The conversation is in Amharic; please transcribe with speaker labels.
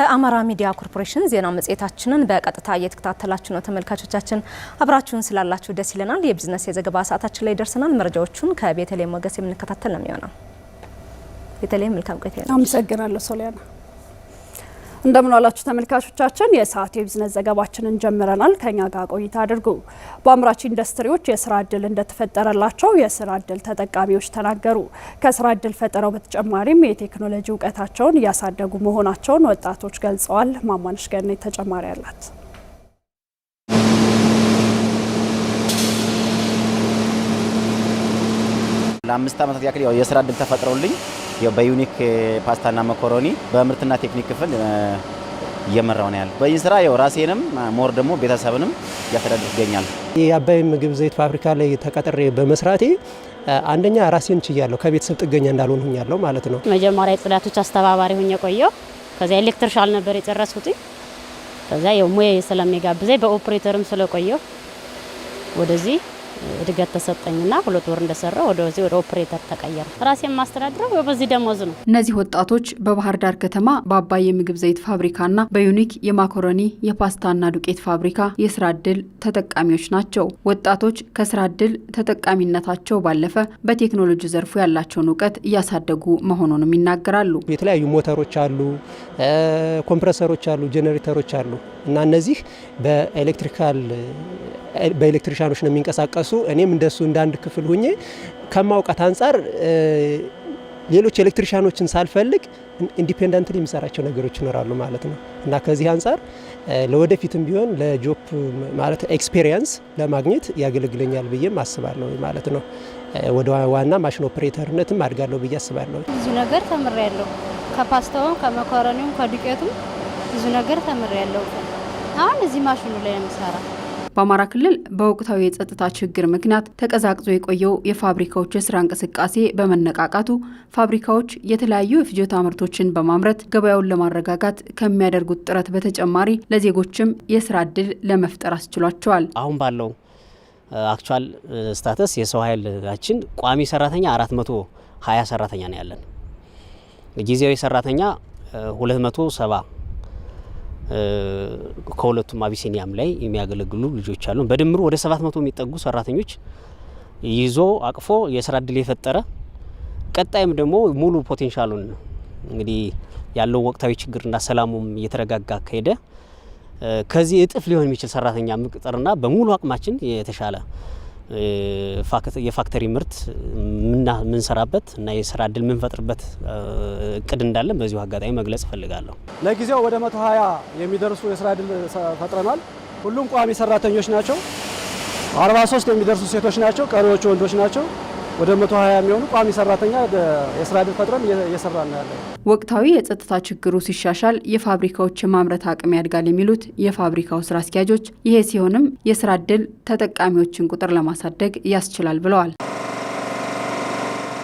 Speaker 1: ከአማራ ሚዲያ ኮርፖሬሽን ዜና መጽሔታችንን በቀጥታ እየተከታተላችሁ ነው ተመልካቾቻችን። አብራችሁን ስላላችሁ ደስ ይለናል። የቢዝነስ የዘገባ ሰዓታችን ላይ ደርሰናል። መረጃዎቹን ከቤተልሔም ሞገስ የምንከታተል ነው የሚሆነው። ቤተልሔም መልካም ቆይታ።
Speaker 2: አመሰግናለሁ ሶሊያና። እንደምን ዋላችሁ ተመልካቾቻችን። የሰዓቱ የቢዝነስ ዘገባችንን ጀምረናል። ከኛ ጋር ቆይታ አድርጉ። በአምራች ኢንዱስትሪዎች የስራ እድል እንደተፈጠረላቸው የስራ እድል ተጠቃሚዎች ተናገሩ። ከስራ እድል ፈጠረው በተጨማሪም የቴክኖሎጂ እውቀታቸውን እያሳደጉ መሆናቸውን ወጣቶች ገልጸዋል። ማሟነሽ ገኔ ተጨማሪ አላት።
Speaker 3: ለአምስት ዓመታት ያክል የስራ እድል ተፈጥረውልኝ በዩኒክ ፓስታና መኮሮኒ በምርትና ቴክኒክ ክፍል እየመራው ነው ያለ። በዚህ ስራ ያው ራሴንም ሞር ደግሞ ቤተሰብንም እያስተዳድር ይገኛል።
Speaker 4: የአባይ ምግብ ዘይት ፋብሪካ ላይ ተቀጥሬ በመስራቴ አንደኛ ራሴን ችያለሁ፣ ከቤተሰብ ጥገኛ እንዳልሆን ሁኛለሁ ማለት ነው።
Speaker 5: መጀመሪያ የጽዳቶች አስተባባሪ ሁኝ የቆየው ከዚያ ኤሌክትሪሻል ነበር የጨረስኩትኝ። ከዚያ ያው ሙያ ስለሚጋብዘኝ በኦፕሬተርም ስለቆየው ወደዚህ እድገት ተሰጠኝና ሁለት ወር እንደሰራ ወደዚህ ወደ ኦፕሬተር ተቀየረ። ራሴ የማስተዳድረው በዚህ ደሞዝ ነው።
Speaker 6: እነዚህ ወጣቶች በባህር ዳር ከተማ በአባይ የምግብ ዘይት ፋብሪካና በዩኒክ የማኮረኒ የፓስታና ዱቄት ፋብሪካ የስራ እድል ተጠቃሚዎች ናቸው። ወጣቶች ከስራ እድል ተጠቃሚነታቸው ባለፈ በቴክኖሎጂ ዘርፉ ያላቸውን እውቀት እያሳደጉ መሆኑንም ይናገራሉ።
Speaker 7: የተለያዩ ሞተሮች አሉ፣ ኮምፕረሰሮች አሉ፣ ጄኔሬተሮች አሉ እና እነዚህ በኤሌክትሪካል በኤሌክትሪሻኖች ነው የሚንቀሳቀሱ። እኔም እንደሱ እንደ አንድ ክፍል ሁኜ ከማውቃት አንጻር ሌሎች ኤሌክትሪሻኖችን ሳልፈልግ ኢንዲፔንደንትሊ የሚሰራቸው ነገሮች ይኖራሉ ማለት ነው እና ከዚህ አንጻር ለወደፊትም ቢሆን ለጆፕ ማለት ኤክስፔሪየንስ ለማግኘት ያገለግለኛል ብዬም አስባለሁ ማለት ነው። ወደ ዋና ማሽን ኦፕሬተርነትም አድጋለሁ ብዬ አስባለሁ።
Speaker 5: ብዙ ነገር ተምሬያለሁ። ከፓስታውም፣ ከመኮረኒውም፣ ከዱቄቱም ብዙ ነገር ተምሬያለሁ። አሁን እዚህ ማሽኑ ላይ ነው የምሰራ።
Speaker 6: በአማራ ክልል በወቅታዊ የጸጥታ ችግር ምክንያት ተቀዛቅዞ የቆየው የፋብሪካዎች የስራ እንቅስቃሴ በመነቃቃቱ ፋብሪካዎች የተለያዩ የፍጆታ ምርቶችን በማምረት ገበያውን ለማረጋጋት ከሚያደርጉት ጥረት በተጨማሪ ለዜጎችም የስራ እድል ለመፍጠር አስችሏቸዋል።
Speaker 3: አሁን ባለው አክቹዋል ስታተስ የሰው ኃይላችን ቋሚ ሰራተኛ 420 ሰራተኛ ነው ያለን። ጊዜያዊ ሰራተኛ 270 ከሁለቱም አቢሲኒያም ላይ የሚያገለግሉ ልጆች አሉ። በድምሩ ወደ 700 የሚጠጉ ሰራተኞች ይዞ አቅፎ የስራ እድል የፈጠረ ቀጣይም ደግሞ ሙሉ ፖቴንሻሉን እንግዲህ ያለው ወቅታዊ ችግርና ሰላሙም እየተረጋጋ ከሄደ ከዚህ እጥፍ ሊሆን የሚችል ሰራተኛ መቅጠርና በሙሉ አቅማችን የተሻለ የፋክተሪ ምርት ምንሰራበት እና የስራ እድል ምንፈጥርበት እቅድ እንዳለን በዚሁ አጋጣሚ መግለጽ እፈልጋለሁ።
Speaker 8: ለጊዜው ወደ 120 የሚደርሱ የስራ እድል ፈጥረናል። ሁሉም ቋሚ ሰራተኞች ናቸው። 43 የሚደርሱ ሴቶች ናቸው። ቀሪዎቹ ወንዶች ናቸው። ወደ 120 የሚሆኑ ቋሚ ሰራተኛ የስራ ድል ፈጥረን እየሰራ ነው ያለ።
Speaker 6: ወቅታዊ የጸጥታ ችግሩ ሲሻሻል የፋብሪካዎች የማምረት አቅም ያድጋል የሚሉት የፋብሪካው ስራ አስኪያጆች፣ ይሄ ሲሆንም የስራ እድል ተጠቃሚዎችን ቁጥር ለማሳደግ ያስችላል ብለዋል።